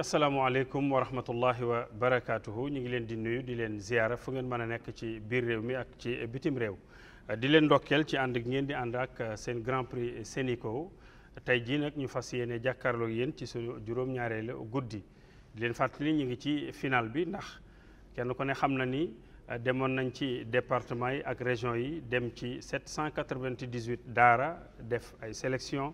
Assalamualaikum warahmatullahi wabarakatuh. wa barakatuhu ñu ngi leen di nuyu di leen ziara fu ngeen mëna nek ci biir réew mi ak ci bitim réew di leen ndokkel ci and ngeen di and ak seen grand prix Senico tay ji nak ñu fasiyene jakarlo jàkkaarloo yéen ci suñu juróom guddi di leen fatali ñi ngi ci final bi ndax kenn ko ne xam na ni demon nañ ci département yi ak région yi dem ci 798 dara def ay sélection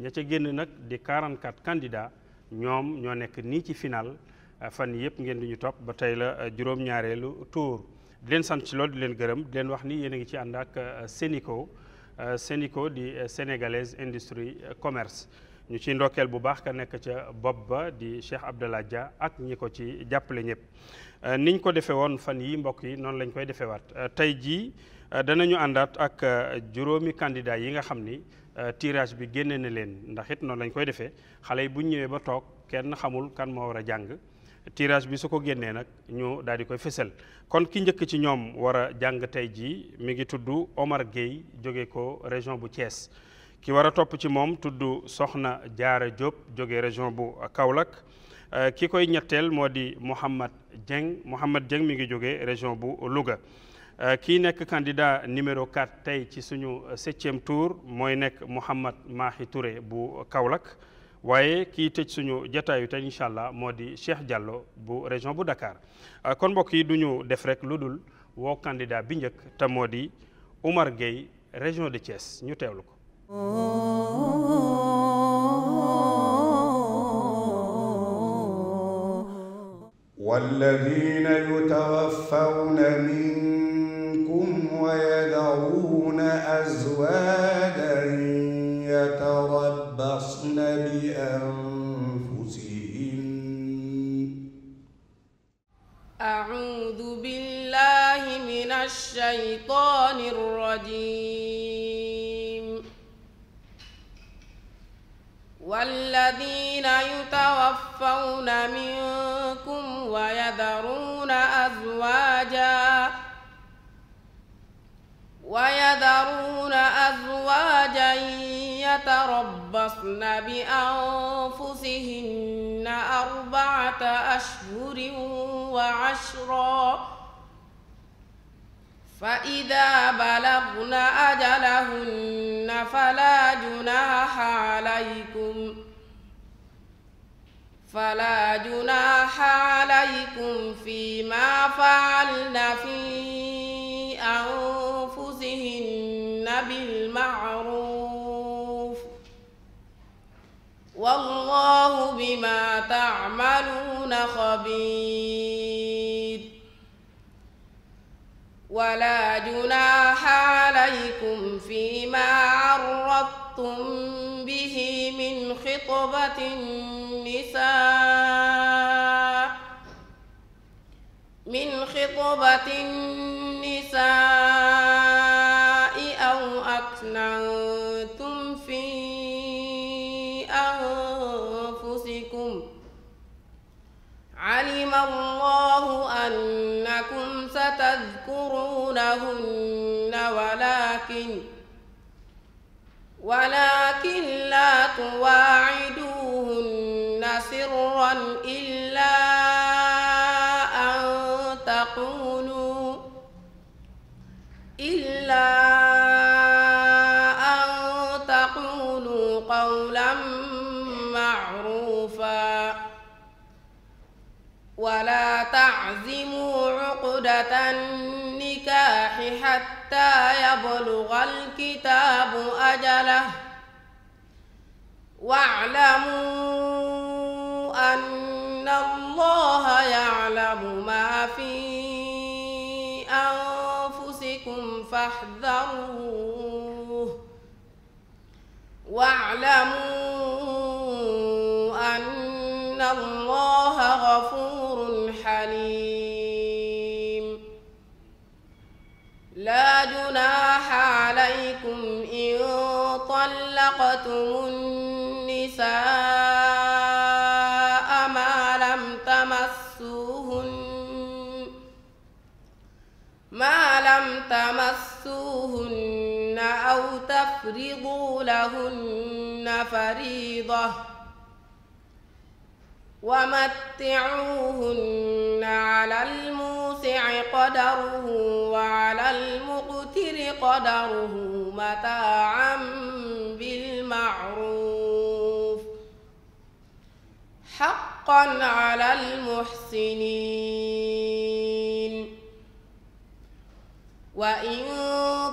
ñi ca génn nak di 44 candidats ñoom ñoo nekk nii ci final euh, fan yëpp ngeen di ñu topp ba tey la euh, juróom-ñaareelu tour di leen sant loolu di leen gërëm di leen wax ni yéen a ngi ci ànd ak euh, Sénico Sénico di sénégalaise industrie commerce ñu ci ndokkeel bu baax ka nekk ca bopp ba di Cheikh Abdallah Dia ak ñi ko ci jàppale ñëpp niñ ko defee woon fan yi mbokk yi noonu lañ koy defee waat tey jii danañu àndaat ak juróomi candidat yi nga xam ni Euh, tirage bi génne na leen ndax it noonu lañ koy defee xale yi bu ñëwee ba toog kenn xamul kan moo war a jàng tirage bi su ko génnee nag ñu daal di koy fësal kon ki njëkk ci ñoom war a jàng tey jii mi ngi tudd Omar Gueye jóge ko région bu cees ki war a topp ci moom tudd Soxna Jaara Diop jóge région bu Kaolack euh, ki koy ñetteel moo di Mouhamad Dieng Mouhamad Dieng mi ngi jóge région bu Louga qui est le candidat numéro 4 de ci 7e euh, tour mooy nekk Mohamed Mahi Touré bu Kaolack waaye qui est suñu Cheikh Diallo bu région de Dakar euh, kon nous yi candidat région de Thiès ñu أزواجا يتربصن بأنفسهن أعوذ بالله من الشيطان الرجيم والذين يتوفون منكم ويذرون أزواجاً ويذرون أزواجا يتربصن بأنفسهن أربعة أشهر وعشرا فإذا بلغن أجلهن فلا جناح عليكم فلا جناح عليكم فيما فعلن فيه والله بما تعملون خبير ولا جناح عليكم فيما عرضتم به من خطبة النساء من خطبة النساء أنكم ستذكرونهن ولكن ولكن لا تواعدوهن سرا إلا أن تقولوا إلا ولا تعزموا عقدة النكاح حتى يبلغ الكتاب أجله واعلموا أن الله يعلم ما في أنفسكم فاحذروه واعلموا عليكم إن طلقتم النساء ما لم تمسوهن ما لم تمسوهن أو تفرضوا لهن فريضةً ومتعوهن على الموسع قدره وعلى المقتر قدره متاعا بالمعروف حقا على المحسنين وإن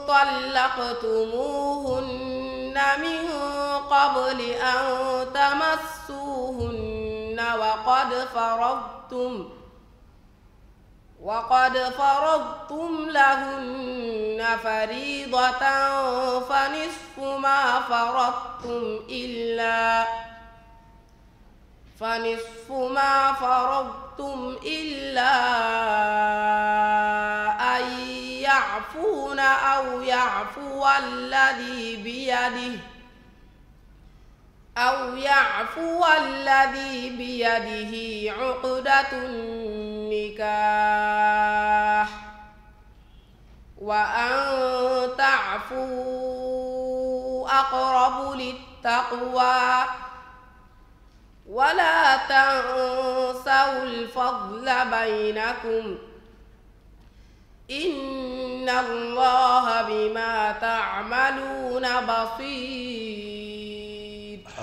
طلقتموهن من قبل أن تمسوهن وقد فرضتم وقد فرضتم لهن فريضة فنصف ما فرضتم إلا فنصف ما فرضتم إلا أن يعفون أو يعفو الذي بيده أو يعفو الذي بيده عقدة النكاح وأن تعفو أقرب للتقوى ولا تنسوا الفضل بينكم إن الله بما تعملون بصير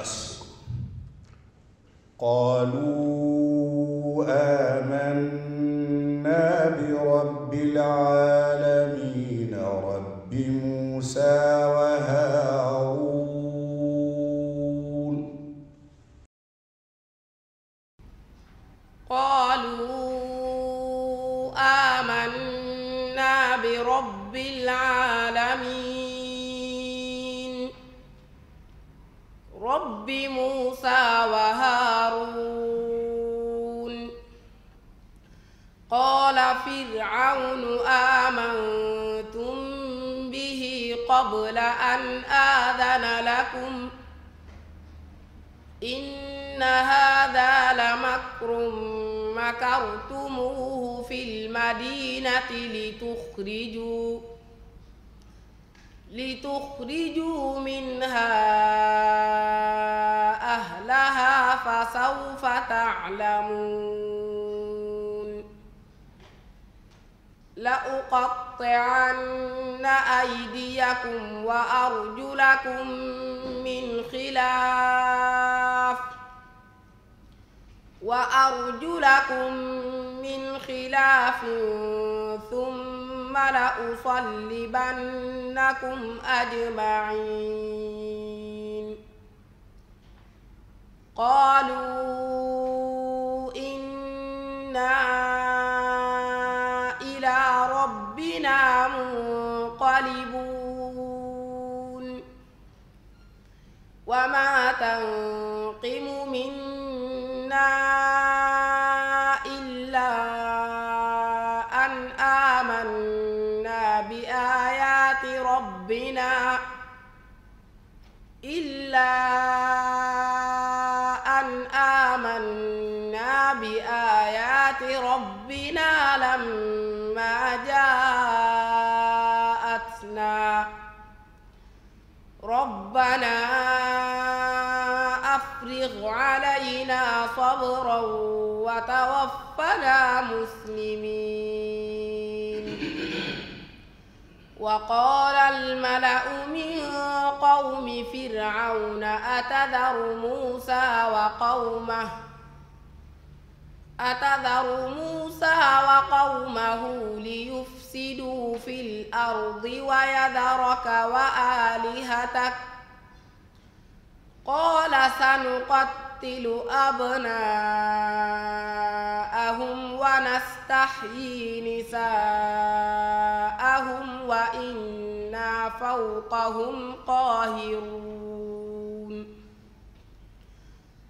حسبك قالوا آمنا برب العالمين رب موسى وهارون قالوا آمنا برب العالمين رب موسى وهارون قال فرعون آمنتم به قبل أن آذن لكم إن هذا لمكر مكرتموه في المدينة لتخرجوا لتخرجوا منها أهلها فسوف تعلمون لأقطعن أيديكم وأرجلكم من خلاف وأرجلكم من خلاف ثم لأصلبنكم أجمعين قالوا إنا إلى ربنا منقلبون وما تنقم منا إلا أن آمنا بآيات ربنا لما جاءتنا ربنا أفرغ علينا صبرا وتوفنا مسلمين وقال الملأ من قوم فرعون أتذر موسى وقومه أتذر موسى وقومه ليفسدوا في الأرض ويذرك وآلهتك قال سنقتل نقتل أبناءهم ونستحيي نساءهم وإنا فوقهم قاهرون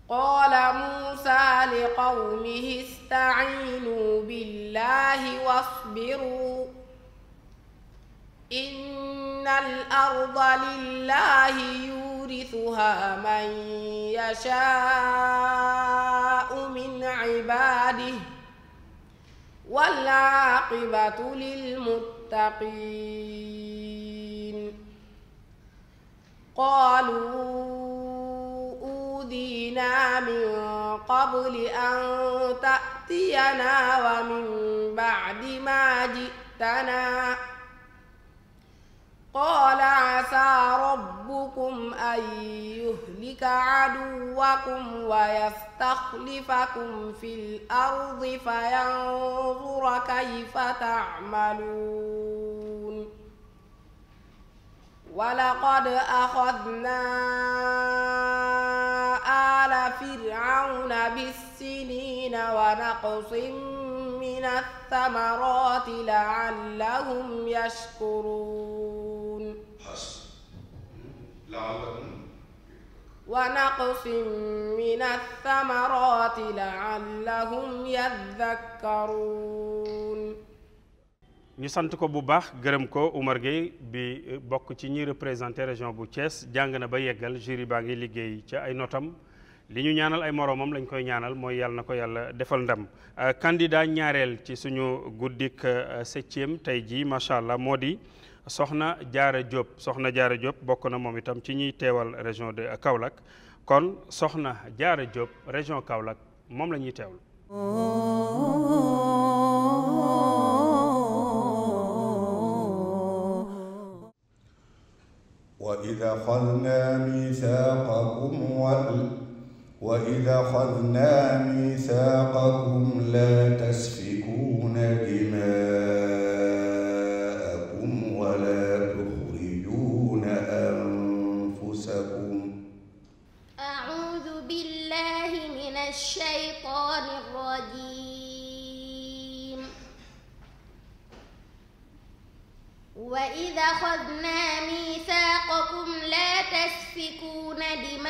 قال موسى لقومه استعينوا بالله واصبروا إن الأرض لله يورثها من يشاء من عباده والعاقبة للمتقين قالوا أوذينا من قبل أن تأتينا ومن بعد ما جئتنا قال عسى ربكم أن يهلك عدوكم ويستخلفكم في الأرض فينظر كيف تعملون ولقد أخذنا آل فرعون بالسنين ونقص من الثمرات لعلهم يشكرون ونقص من الثمرات لعلهم يذكرون ñu sant ko bu baax gërëm ko Oumar bi bokk ci ñi représenté région bu cees jàng na ba yeggal jury baa ngi liggéey ci ay notam li ñu ñaanal ay moroomam lañ koy ñaanal mooy yàlla na ko yàlla defal ndam euh, candidat ñaareel ci suñu guddik euh, septième tey jii macha allah moo di soxna Jaara Diop soxna Jaara Diop bokk na moom itam ci ñuy teewal région de Kaolack kon soxna Jaara Diop région Kaolack moom la ñuy teewal. وإذ أخذنا ميثاقكم وال وإذ أخذنا ميثاقكم لا تسفكون دماء أخذنا ميثاقكم لا تسفكون دماءكم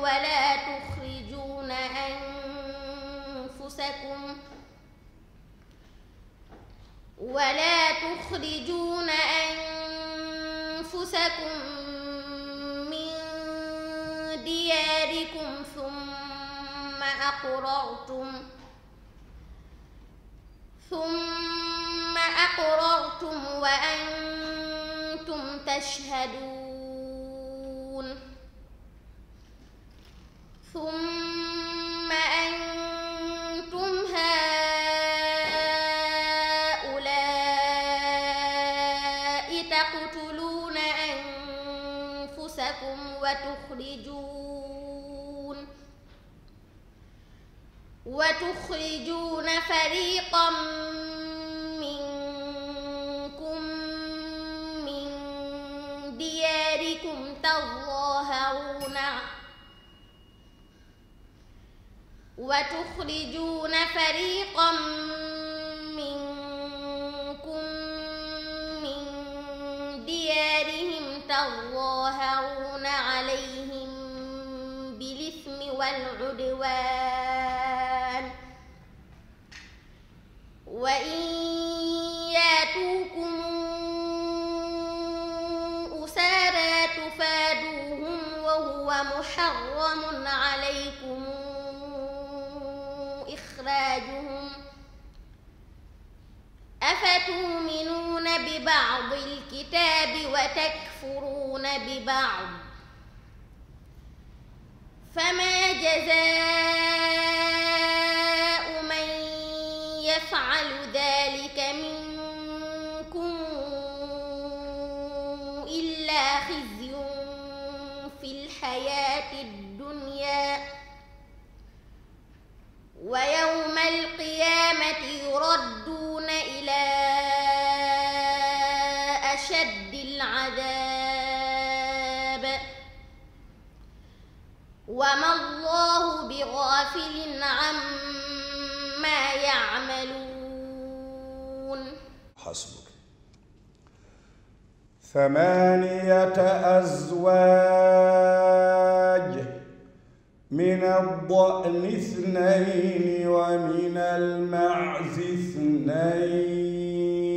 ولا تخرجون أنفسكم ولا تخرجون أنفسكم من دياركم ثم أقررتم ثم أقررتم وأنتم تشهدون ثم أنتم هؤلاء تقتلون أنفسكم وتخرجون وتخرجون فريقا وتخرجون فريقا منكم من ديارهم تظاهرون عليهم بالإثم والعدوان ببعض الكتاب وتكفرون ببعض فما جزاء غافل عما يعملون حسبك ثمانية أزواج من الضأن اثنين ومن المعز اثنين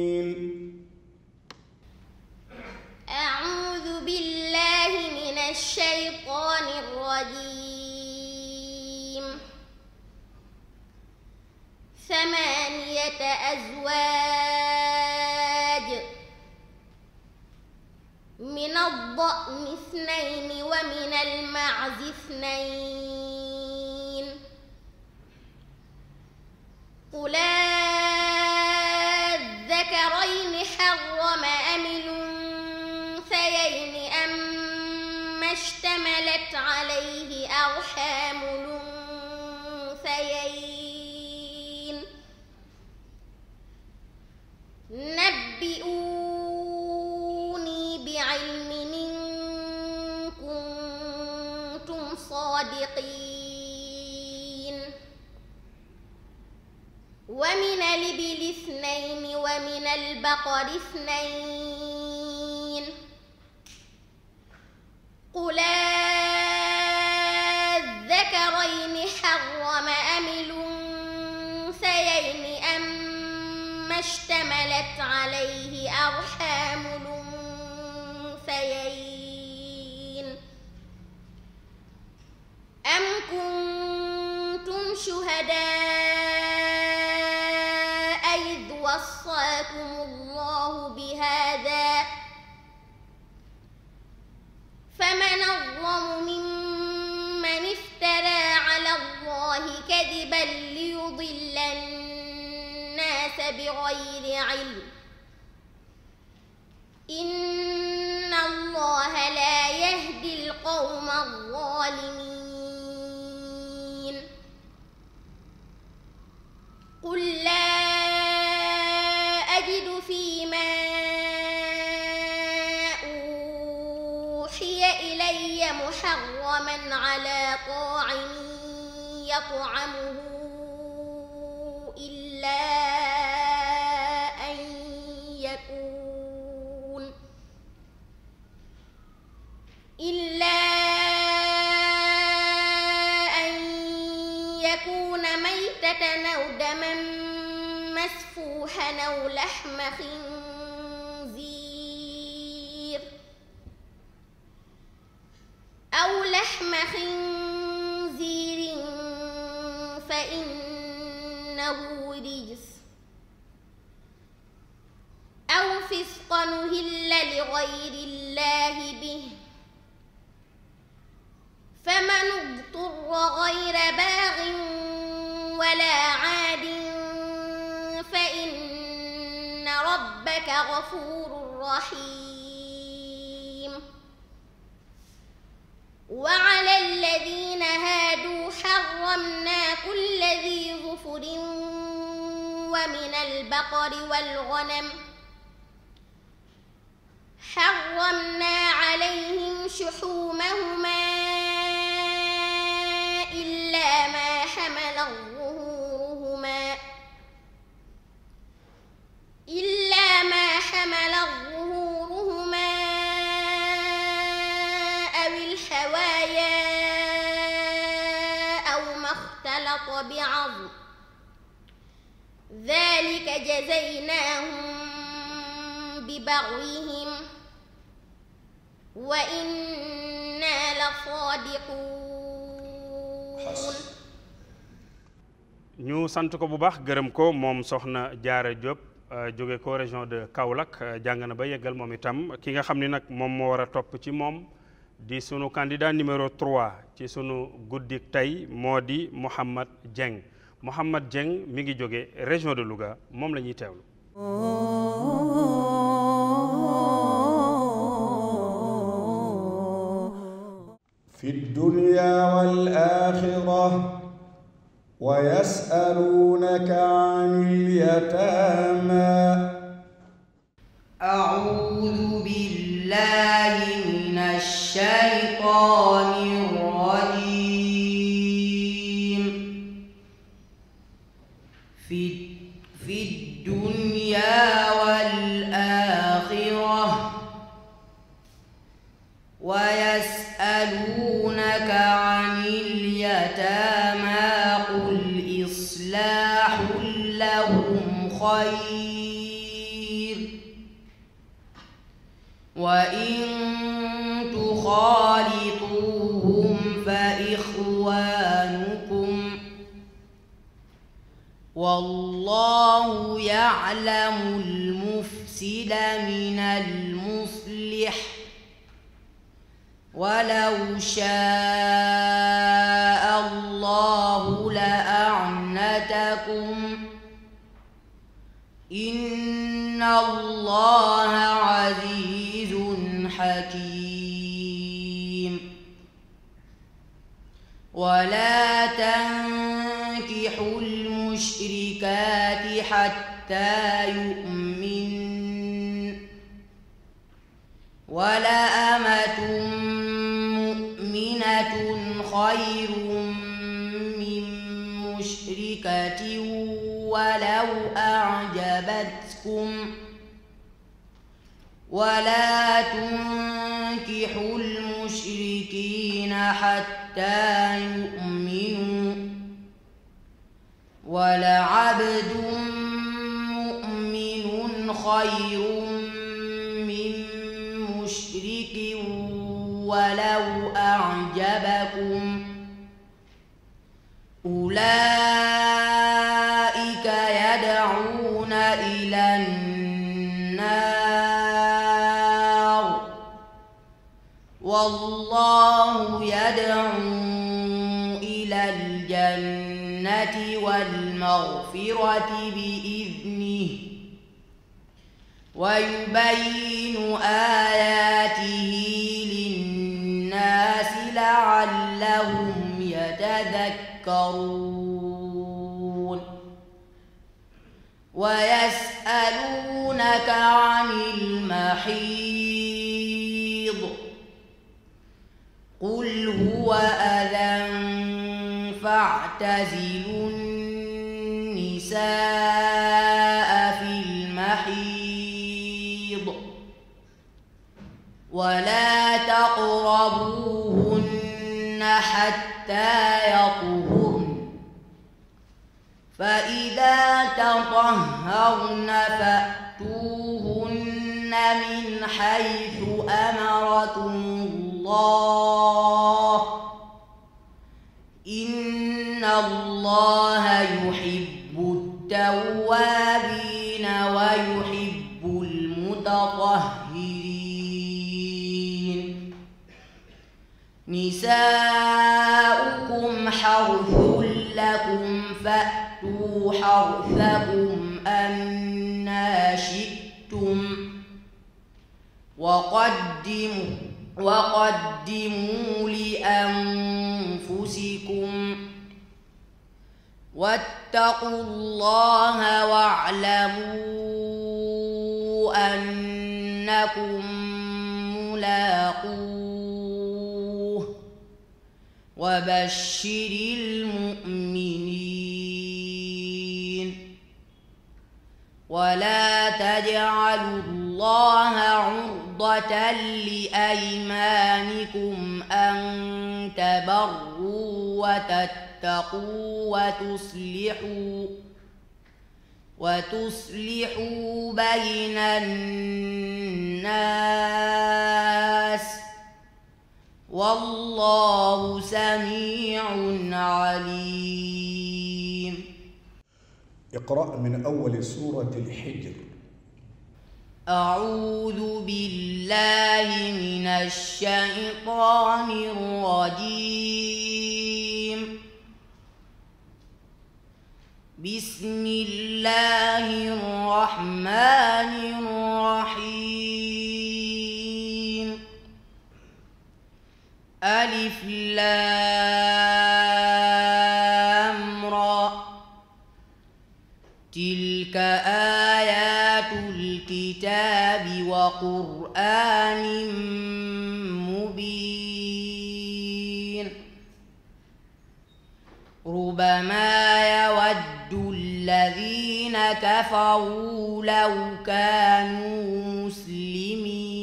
أنبأكم الله بهذا فمن أظلم ممن افترى على الله كذبا ليضل الناس بغير علم إن الله لا يهدي القوم الظالمين قل لا خنزير أو لحم خنزير فإنه رجس أو فسقا نهل لغير الله به فمن اضطر غير باغ ولا عاد ربك غفور رحيم وعلى الذين هادوا حرمنا كل ذي ظفر ومن البقر والغنم حرمنا عليهم شحومهما ذلك جزيناهم ببغيهم وإنا لصادقون ñu sant ko bu baax gërëm ko moom soxna jaara Diop euh, jóge ko région de Kaolack euh, jàng na ba yeggal moom itam ki nga xam ni nag moom moo war a topp ci moom di sunu candidat numéro 3 ci sunu guddik tey moo di Mouhamad Dieng Muhammad Jeng mi ngi joggé région de Louga lañuy fi dunya wal akhirah wa yas'alunaka 'anil yatama أتتكم ولا تنكحوا المشركين حتى يؤمنوا ولعبد مؤمن خير من مشرك ولو أعجبكم أولئك والله يدعو إلى الجنة والمغفرة بإذنه ويبين آياته للناس لعلهم يتذكرون ويسألونك عن المحيط قل هو أذى فاعتزلوا النساء في المحيض ولا تقربوهن حتى يطهرن فإذا تطهرن فأتوهن من حيث أمركم الله الله يحب التوابين ويحب المتطهرين نساؤكم حرث لكم فأتوا حرثكم أنا شئتم وقدموا وقدموا لأنفسكم واتقوا الله واعلموا انكم ملاقوه وبشر المؤمنين ولا تجعلوا الله عرضه عُرْضَةً لِأَيْمَانِكُمْ أَن تَبَرُّوا وَتَتَّقُوا وَتُصْلِحُوا وَتُصْلِحُوا بَيْنَ النَّاسِ والله سميع عليم اقرأ من أول سورة الحجر أعوذ بالله من الشيطان الرجيم بسم الله الرحمن الرحيم ألف لام الكتاب وقرآن مبين ربما يود الذين كفروا لو كانوا مسلمين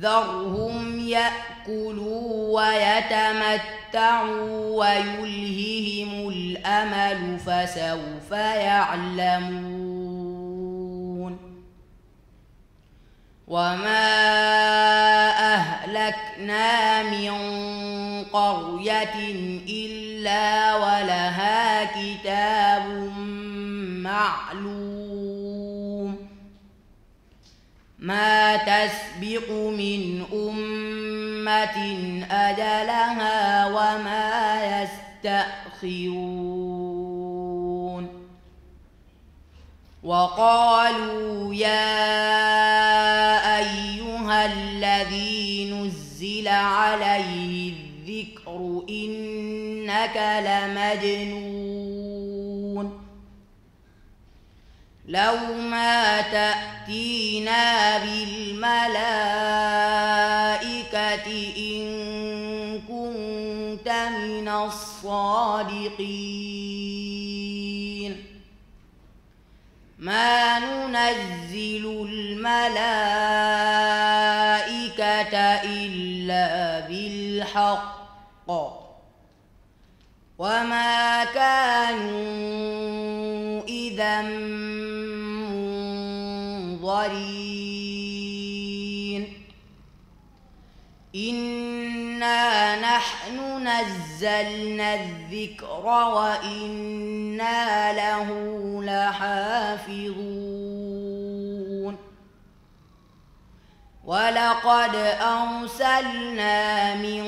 ذرهم ياكلوا ويتمتعوا ويلههم الامل فسوف يعلمون وما اهلكنا من قريه الا ولها كتاب معلوم ما تسبق من أمة أجلها وما يستأخرون وقالوا يا أيها الذي نزل عليه الذكر إنك لمجنون لو ما تأخرون يأتينا بالملائكة إن كنت من الصادقين ما ننزل الملائكة إلا بالحق وما كانوا إذا إنا نحن نزلنا الذكر وإنا له لحافظون ولقد أرسلنا من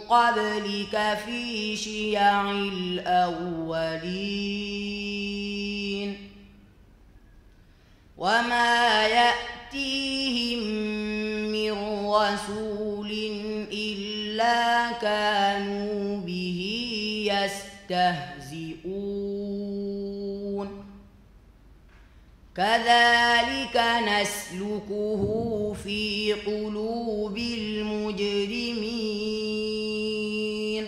قبلك في شيع الأولين وما يأتيهم من رسول إلا كانوا به يستهزئون كذلك نسلكه في قلوب المجرمين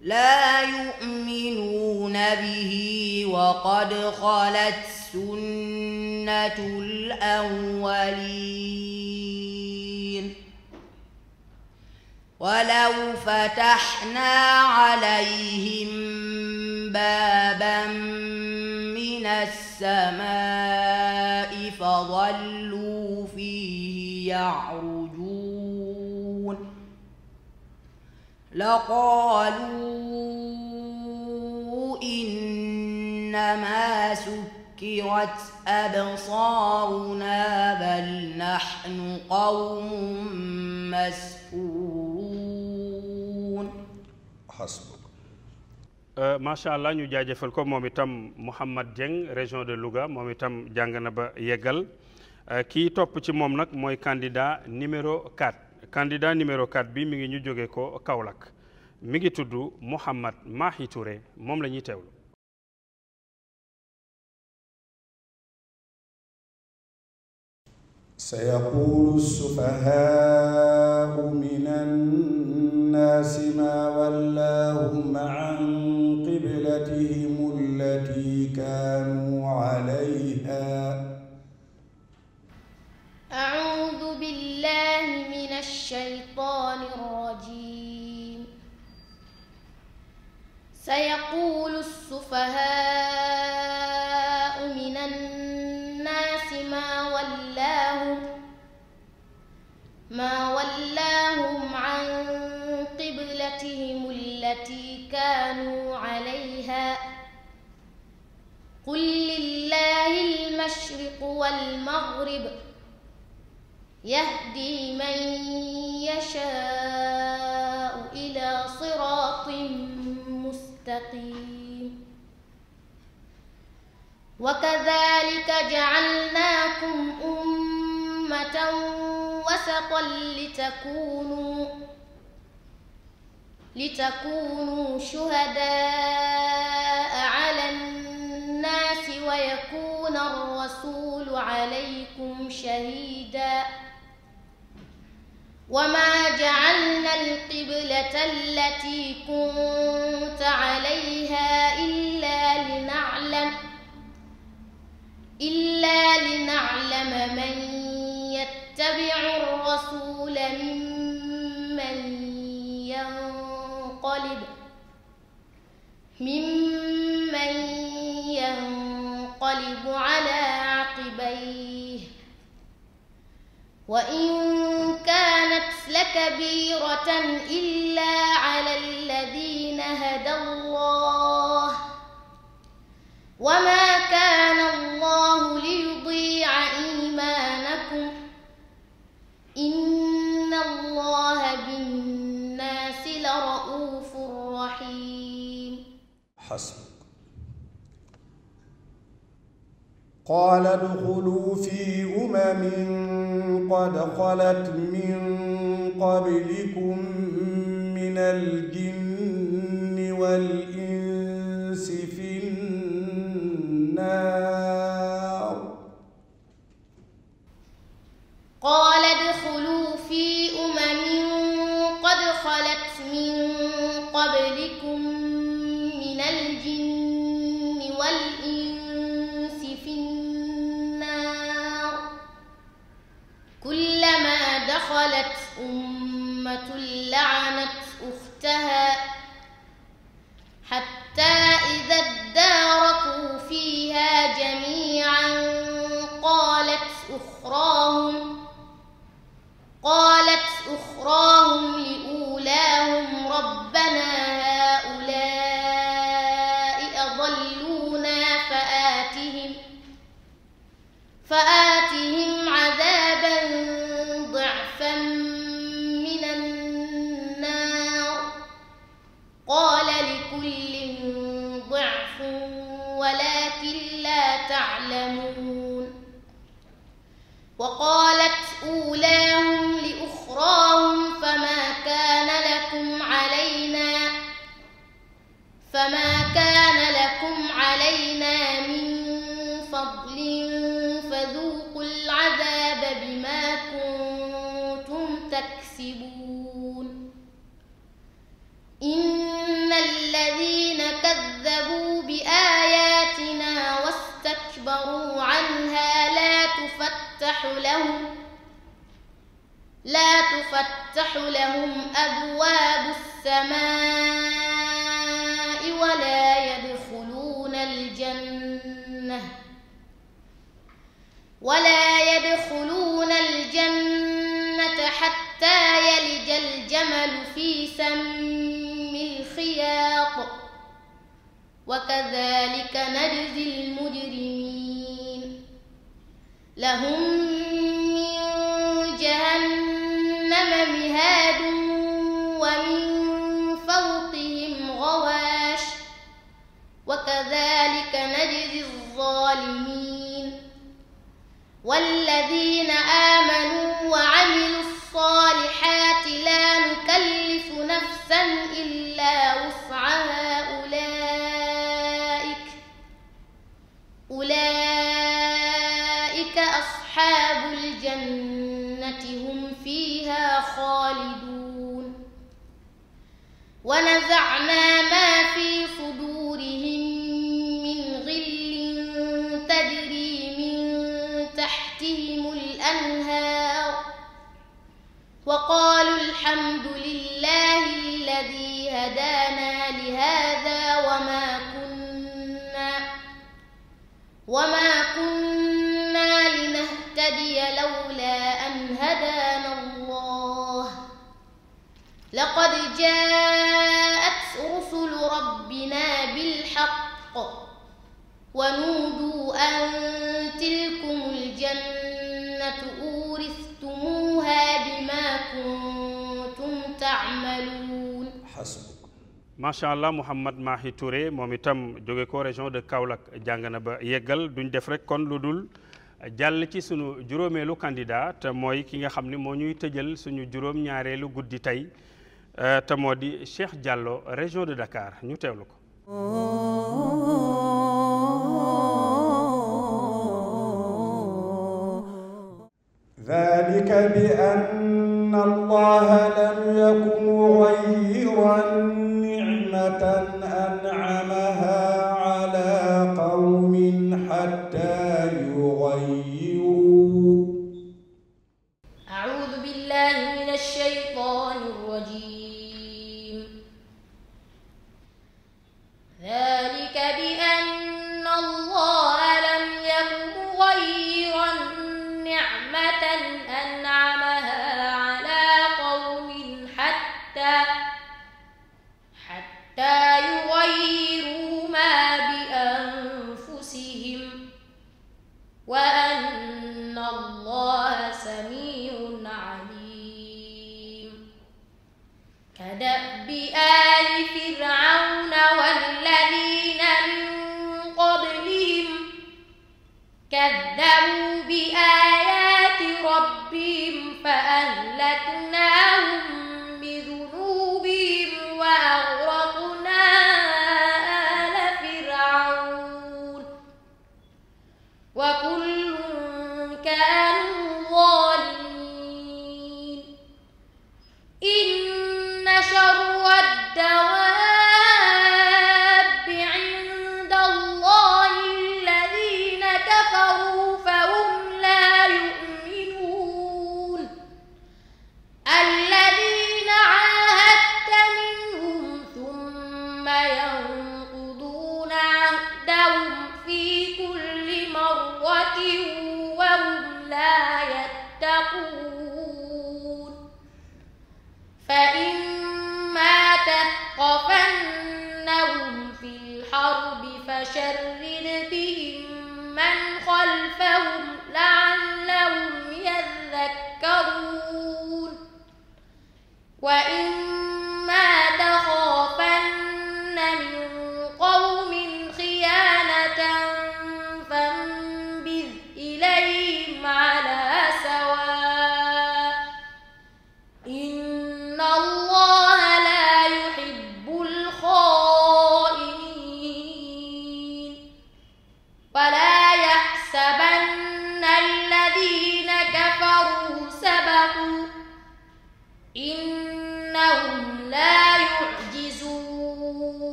لا يؤمنون به وقد خلت سنه سنة الأولين ولو فتحنا عليهم بابا من السماء فظلوا فيه يعرجون لقالوا إنما سكر سكرت أبصارنا بل نحن قوم مسحورون حسبك macha allah ñu jaajëfal ko moom itam Mouhamad Dieng région de Louga moom itam jàng na ba yeggal kii topp ci moom nag mooy candidat numéro 4 candidat numéro 4 bi mi ngi ñu jóge ko Kaolack mi ngi tudd Mouhamad Mahi Touré moom la ñuy teewlu سيقول السفهاء من الناس ما ولاهم عن قبلتهم التي كانوا والمغرب يهدي من يشاء إلى صراط مستقيم وكذلك جعلناكم أمة وسطا لتكونوا لتكونوا شهداء الرسول عليكم شهيدا وما جعلنا القبلة التي كنت عليها إلا لنعلم إلا لنعلم من يتبع الرسول ممن ينقلب ممن ينقلب على وإن كانت لكبيرة إلا على الذين هدى الله وما كان الله ليضيع إيمانكم إن الله بالناس لرؤوف رحيم حسن قال ادخلوا في أمم قد خلت من قبلكم من الجن والإنس دخلت أمة لعنت أختها حتى إذا اداركوا فيها جميعا قالت أخراهم قالت أخراهم لأولاهم ربنا هؤلاء أضلونا فآتهم فآتهم وقالت تفتح لهم لا تفتح لهم أبواب السماء ولا يدخلون الجنة ولا يدخلون الجنة حتى يلج الجمل في سم الخياط وكذلك نجزي المجرمين لهم من جهنم جاءت رسل ربنا بالحق ونودوا أن تلكم الجنة أورثتموها بما كنتم تعملون حسبك macha allah Mouhamad Mahi Touré moom itam jóge ko région de Kaolack jàng na ba yeggal duñ def rek kon lu dul jàll ci sunu juróomeelu candidat te mooy ki nga xam ni moo ñuy tëjal suñu juróom ñaareelu guddi tey Euh, te moo Cheikh Diallo région de Dakar ñu teewlu ko. ذلك بأن الله لم يكن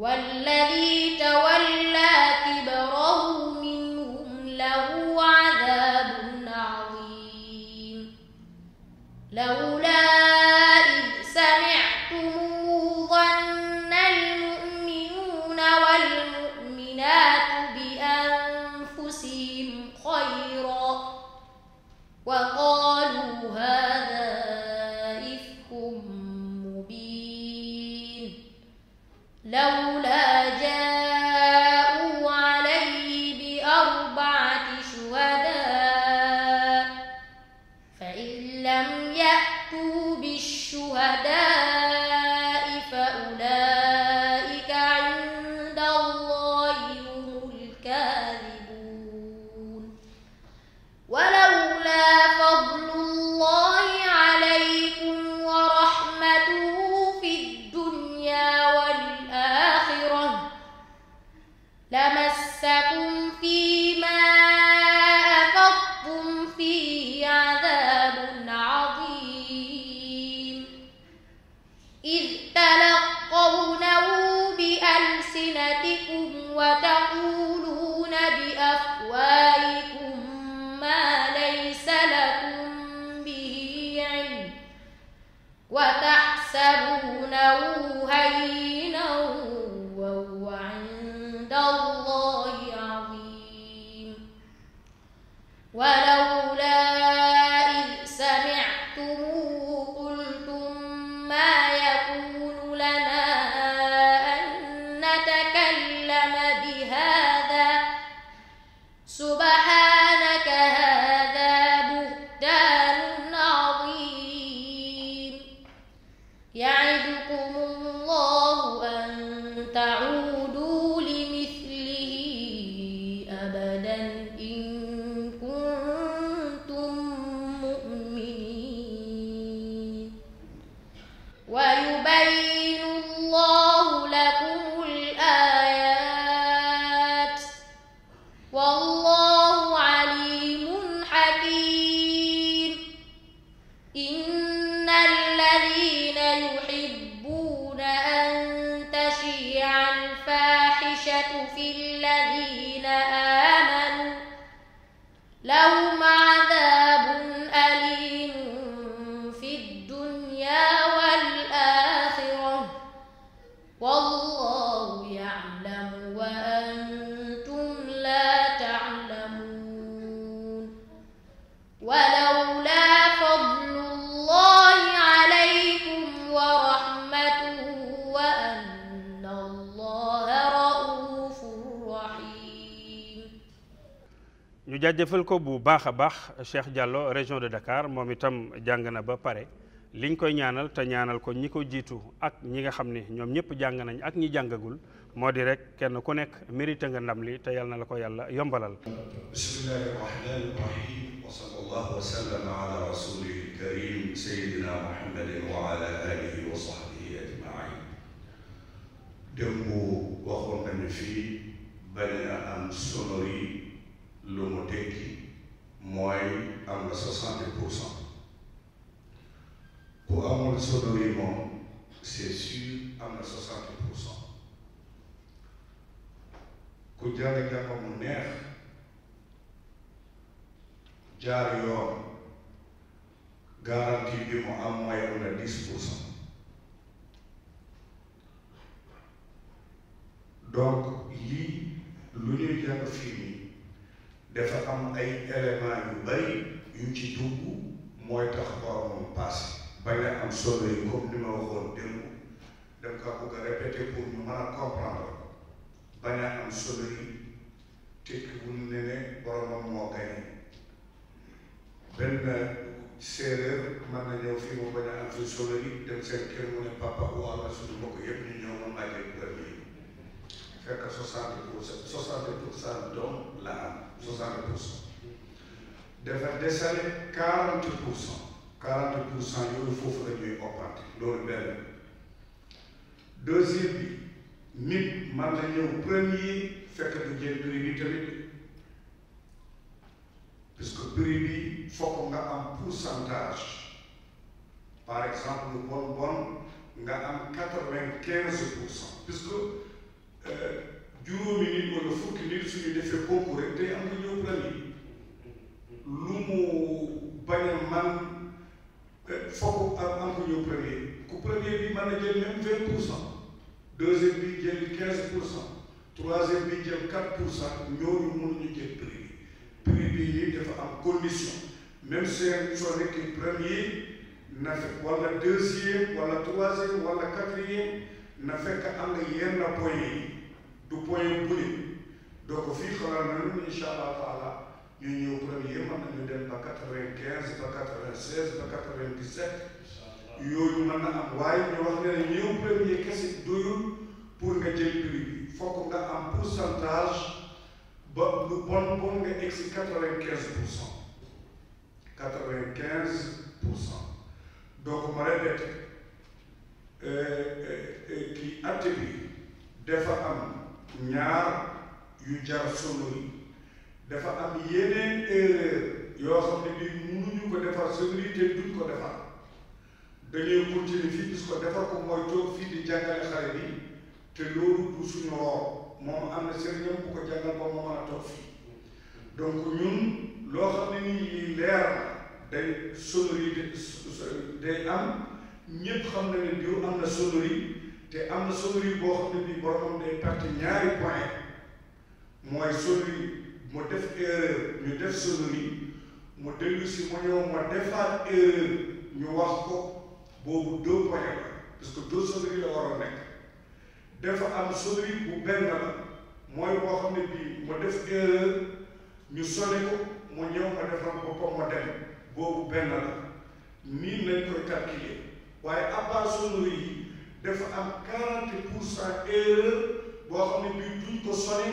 وَالَّذِي وتحسبونه هينا وهو عند الله عظيم ولا ñu ko bu baax a baax Cheikh Diallo région de Dakar moom itam jàng na ba pare liñ koy ñaanal te ñaanal ko ñi jitu ak ñi nga xam ni ñoom ñëpp nañ ak ñi jàngagul moo di rek kenn ku nekk mérite nga ndam li te yàlla na yombalal bismillahi rahmani rahim wa sallallahu sonori le mot qui à 60%. Pour avoir le sodomiement, c'est sûr à 60%. Quand j'ai regardé comme une mère, j'ai eu un garantie de mon amour de 10%. Donc, ici, y a l'unité de dafa am ay éléments yu bari yu ci dugg mooy tax boromam passé bañ a am solo yi comme li ma waxoon démb dama ko bëgg a répéter pour ñu mën a comprendre bañ a am solo yi tekkiwul ne ne boromam moo gañ benn séeréer mën na ñëw fii mu bañ a solo yi dem seen kër mu ne papa wala suñu mbokk yëpp ñu ñëw ma maa jël fait 60%, 60% l'âme, 60%. faire descendre 40 40 il faut faire des parti, dans le deuxième nous, nit premier fait du jël prix bi tamit puisque il faut qu'on pourcentage par exemple le bon bon il a 95 ait puisque juróomi nit wala fukki nit suñu defee concours rek day am na ñëw premier lu mu bañ a man eh, fokk am am ko ñëw premier ku premier bi mën a jël même vingt pour cent deuxième bi jël quinze pour cent troisième bi jël quatre pour cent ñooñu mënuñu jël prix bi prix bi yi dafa am condition même seen soo nekkee premier na wala deuxième wala na fekk am nga yenn point yi du point bu ne donc fii xoolal nañu incha allah taala ñu ñëw premier mën nañu dem ba quatre vingt quinze ba quatre vingt seize ba quatre vingt dix sept yooyu mën na am waaye ñu wax ne ñëw premier kese doyul pour nga jël prix bi fokk nga am pourcentage ba lu bon bon nga egg quatre vingt quinze pour cent quatre vingt quinze pour cent donc ma répète Eh, eh, eh, kii atte bi dafa am ñaar yu jar sonori dafa am yeneen erreur yoo xam ne bii mënuñu ko defar sonori te duñ ko defar dañuy continuer fii gis ko defar ko mooy toog fii di jàngale xale bi te loolu du moom am na sëriñam bu ko jàngal ba mu a toog fii donc ñun loo xam ne nii leer day sonori day am ñëpp xam na ne diw am na sonnerie te am na sonnerie boo xam ne bii boromam day perte ñaari point mooy sonnerie mu def erreur ñu def sonnerie mu dellu si mu ñëw ma defaat erreur ñu wax ko boobu deux la parce nekk dafa am sonnerie bu benn la mooy boo xam ne bii mu def erreur ñu sonné ko mu ñëw ma defal boppam ma dem boobu benn la nii nañ koy calculer waaye appasono yi dafa am 40 pour cent erreur boo xam ne bii duñ ko sonné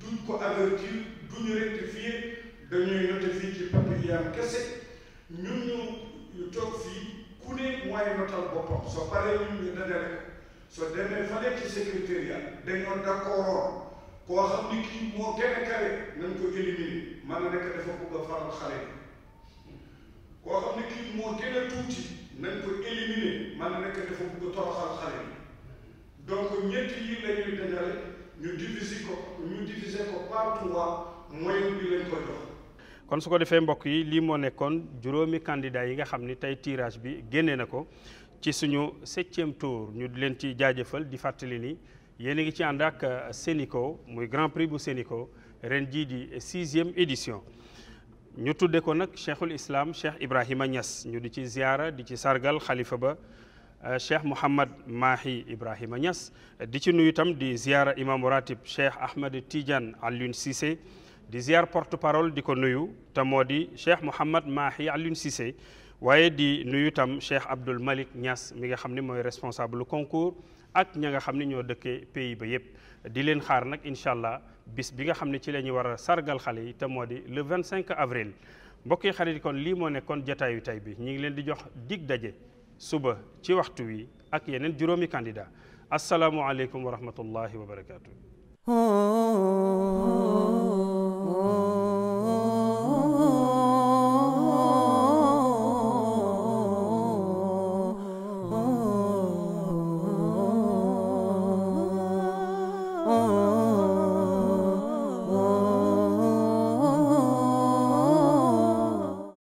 duñ ko avertir duñu rectifier dañuy noté fii ci papier yaam kese ñun ñu toog fii ku ne mooy notal boppam soo paree ñun ñu dajale ko so demee fale ci secrétariat dañoo d'accord koo xam ni kii moo gën a kawe nañ ko éliminer man na nekk dafa bëgg a faral xale koo xam ni kii moo gën nañ ko éliminer man nekk dafa ko toroxal xalé donc ñet yi lañu ñuy ñu diviser ko ñu diviser ko par trois moyen bi lañ ko jox. kon su ko defee mbokk yi li mo nekkoon juroomi candidat yi nga xamni tay tirage bi génné nako ci suñu 7e tour ñu di len ci jaajëfal di fàttali ni yéen a ngi ci andak Senico Sénico muy grand prix bu Senico ren jii di e édition. ñu tuddee ko nag cheikhul islam cheikh Ibrahima ñas ñu di ci ziyaara di ci sargal xalifa ba euh, cheikh Mouhamad Mahi Ibrahima ñas di ci nuyu itam di ziyaara imam ratib cheikh Ahmed Tidiane Alioune Cissé di ziar porte parole di ko nuyu te moo di cheikh Mouhamad Mahi Alioune Cissé waaye di nuyu itam cheikh Abdoul Malik ñas mi nga xam ni mooy responsable concours ak ña nga xam ne ñoo dëkkee pays ba yépp di leen xaar nag incha allah. bis bi nga xam ne ci la ñu war a sargal xale yi te moo di le 25 avril mbokk yi kon lii moo nekkoon jataayu tey bi ñu ngi leen di jox dig daje suba ci waxtu wi ak yeneen juróomi candidat asalaamualeykum wa rahmatullahi wa barakaatu. Oh.